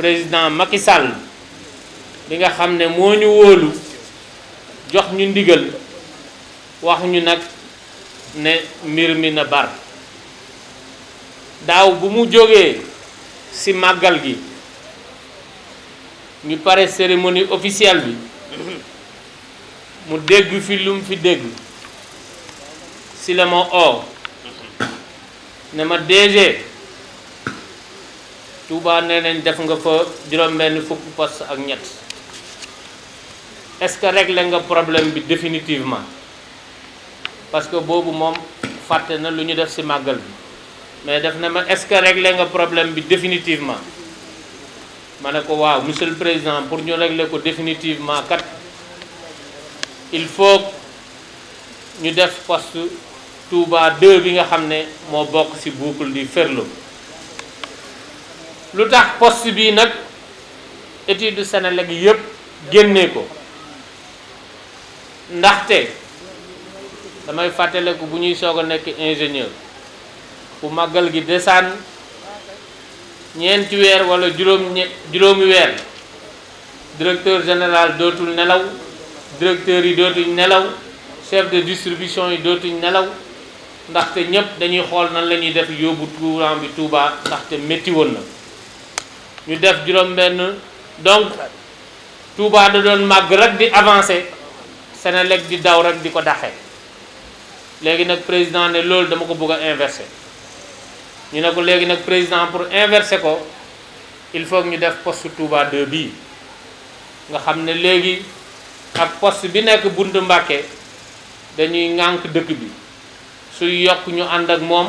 président Macky Sall bi nga xam ne moo ñu wóolu jox ñu ndigal wax ñu nag ne mbir mi na bar daaw bu mu jógee ci màggal gi ñu pare cérémonie officielle bi mu dégg fi lum fi dégg ci la ma oo ne ma DG Touba nee nañ def nga fa juróom-benn fukk poste ak ñett est-ce que réglé nga problème bi définitivement parce que boobu moom fàtte na lu ñu def ci màggal bi mais def na ma est-ce que réglé nga problème bi définitivement ma ne ko waaw monsieur le président pour ñu régler ko définitivement kat il faut ñu def poste Touba 2 bi nga xam ne moo bokk ci boucle di Ferlo lu tax poste bii nag senela Senelec yëpp génnee ko ndaxte damay fàttaliku bu ñuy soog a nekk ingénieur bu màggal gi desaan ñeenti weer wala juróom juróomi weer directeur général dootul nelaw directeurs yi dootuñ nelaw chef de distribution yi dootuñ nelaw ndaxte ñëpp dañuy xool na la ñuy def yóbbu tourant bi Touba ndaxte métti woon na ñu def juróom-benn donc Touba da doon màgg rek di avancé Senelec di daw rek di ko daxee léegi nag président ne loolu dama ko bëgg a ñu ne ko léegi nag président pour inverser ko il faut ñu def poste Touba 2 bi nga xam ne léegi ak poste bi nekk buntu Mbàkke dañuy ŋànk dëkk bi suy yokk ñu ànd ak moom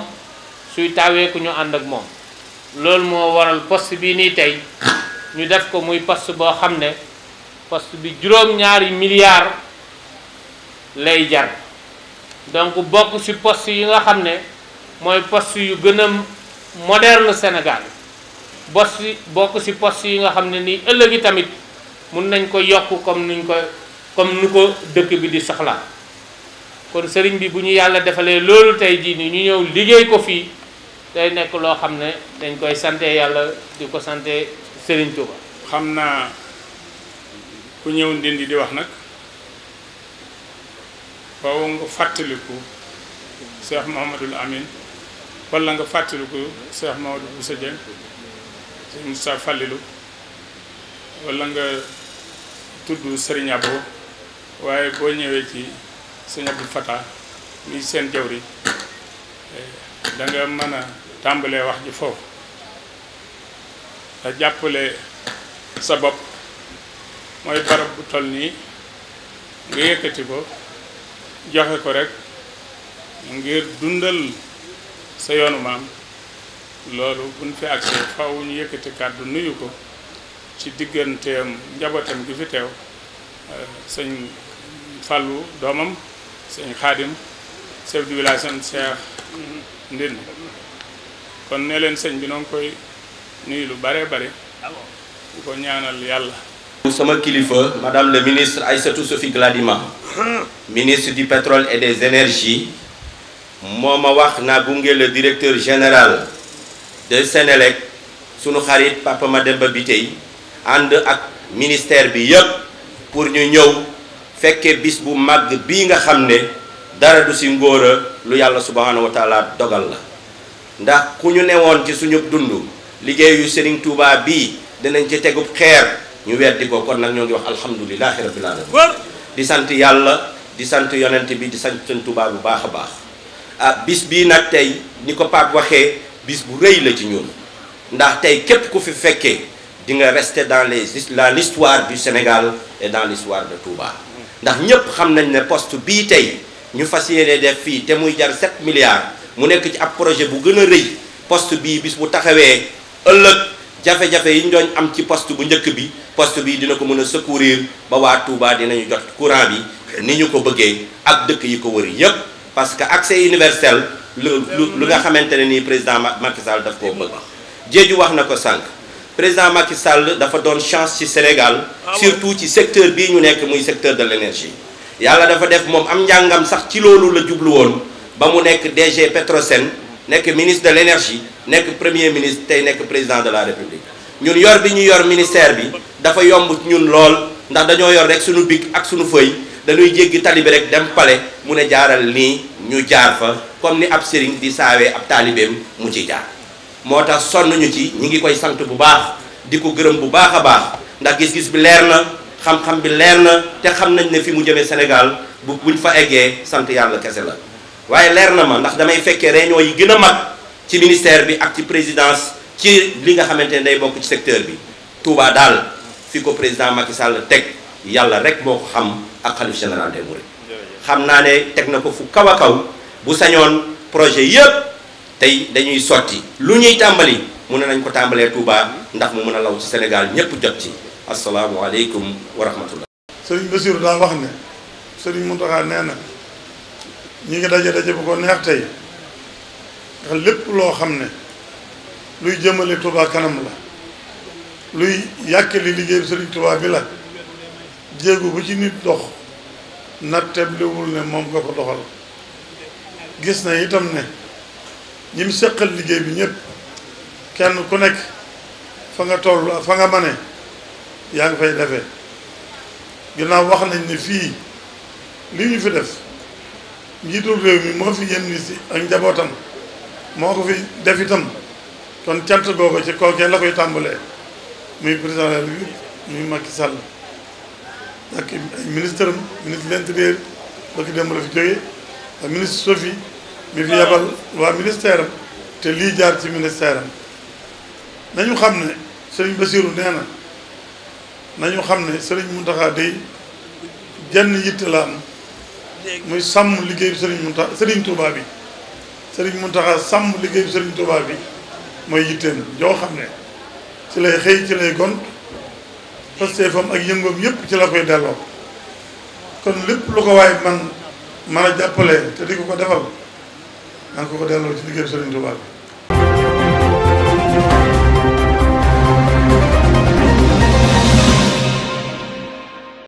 suy tawee ku ñu ànd ak moom. loolu moo waral poste bii nii tey ñu def ko muy poste boo xam ne poste bi juróom-ñaari milliards lay jar donc bokk si poste yi nga xam ne mooy poste yu gën a moderne Sénégal poste bokk si poste yi nga xam ne nii ëllëg yi tamit mun nañ ko yokk comme nuñ ko comme nu ko dëkk bi di soxla kon sëriñ bi bu ñu yàlla defalee loolu tey jii nii ñu ñëw liggéey ko fii day nekk loo xam ne dañ koy sante yàlla di ko sante Serigne Touba. xam naa ku ñëw ndindi di wax nag faaw nga fàttaliku Cheikh Mouhamadul Amin wala nga fàttaliku Cheikh Mouhamadou Boussa Dieng Cheikh Moussa Fallilou wala nga tudd Serigne waaye boo ñëwee ci Serigne Abdou Fatah muy seen jawri da mën a tàmbalee wax ji foofu te jàppale sa bopp mooy barab bu toll nii nga yëkkati ko joxe ko rek ngir dundal sa yoonu maam loolu buñ fi agsee faw ñu yëkkati kàddu nuyu ko ci digganteem njabootam gi fi teew eh, sëñ falu doomam sëñ Xaadim chef du village seen ndindi kon ne leen sëñ bi noo bu sama kilifa madame le ministre Aïssatou Sophie Gladima ministre et des énergies moo ma wax naa gunge le directeur général de Sénélec sunu xarit Papa Mademba Bitèye ànd ak ministère bi yépp pour ñu ñëw fekke bis bu màgg bii nga xam ne dara du si ngóora lu yàlla subhanahu wa taala dogal la ndax ku ñu newoon ci suñu dund liggéeyu Serigne Touba bii dinañ ci tegub xeer ñu di ko kon nag ñoo ngi wax alhamdulilahi rabbil alamin di sant yàlla di sant yonent bi di sant Serigne Touba bu baax a baax ah bis bii nag tey ni ko Pape waxee bis bu rëy la ci ñun ndax tey képp ku fi fekkee di nga rester dans les dans l'histoire du Sénégal et dans l'histoire de Touba ndax ñépp xam nañ ne poste bii tey ñu fas yéene def fii te muy jar 7 milliards mu nekk ci ab projet bu gën a rëy poste bii bis bu taxawee ëllëg jafe-jafe yi ñu doon am ci poste bu njëkk bi poste bii dina ko mën a secourir ba waa Touba dinañu jot courant bi ni ñu ko bëggee ak dëkk yi ko wër yëpp parce que accès universel lu lu nga xamante ne nii président Macky Sall daf koo bëgg Diédhiou wax na ko sànq président Macky Sall dafa doon chance ci Sénégal ah surtout ci secteur bii ñu nekk muy secteur de l'énergie yàlla dafa def moom am njàngam sax ci loolu la jublu woon ba mu nekk DG Petrosen nekk ministre de l'énergie nekk premier ministre tey nekk président de la république ñun yor bi ñu yor ministère bi dafa yomb ñun lool ndax dañoo yor rek sunu big ak suñu fëy dañuy jéggi tali bi rek dem pale mu ne jaaral nii ñu jaar fa comme ni ab sëriñ di saawee ab taalibeem mu ci jaar moo tax sonn ñu ci ñi ngi koy sant bu baax di ko gërëm bu baax a baax ndax gis xam-xam bi leer na te xam nañ ne fi mu jëmee Sénégal bu buñ fa eggee sant yàlla kese la waaye leer na ma ndax damay fekkee réunion yi gën a mag ci ministère bi ak ci présidence ci li nga xamante ne day bokk ci secteur bi Touba daal fi ko président Macky Sall teg yàlla rek boo ko xam ak xalif général des mourides xam naa ne teg na ko fu kaw a kaw bu sañoon projet yëpp tey dañuy sotti lu ñuy tàmbali mu ne nañ ko tàmbalee Touba ndax mu mën a law ci Sénégal ñëpp jot ci asalaamualeykum wa rahmatullah. Serigne Bassirou daa wax ne Serigne Mountakha nee na ñi ngi daje daje bu ko neex tey ndax lépp loo xam ne luy jëmale Touba kanam la luy yàkkali liggéey Serigne Touba bi la jéego bu ci nit dox natteblewul ne moom nga ko doxal gis na itam ne ñim seqal liggéey bi ñëpp kenn ku nekk fa nga toll fa nga mane yaa ngi fay defee ginnaaw wax nañ ni fii li ñu fi def njiitul réew mi moo fi yenn si ak njabootam moo ko fi def itam kon cant googu ci kookee la koy tàmbalee muy président de la République muy Macky Sall ak ay ministre am ministre de ba ki dem la fi jógee ak ministre Sophie mi fi yebal waa ministère te lii jaar ci ministère am nañu xam ne sëriñ Bassirou nee na nañu xam ne sëriñ Muntaxa day jenn yitte la muy sàmm liggéey bi sëriñ Muntaxa sëriñ Touba bi sëriñ Muntaxa sàmm liggéey bi sëriñ Touba bi mooy yitteem joo xam ne ci lay xëy ci lay gont pasteefam ak yëngoom yépp ci la koy delloo kon lépp lu ko waay man man a jàppale te di ko ko defal na nga ko ko delloo ci liggéey bi sëriñ Touba bi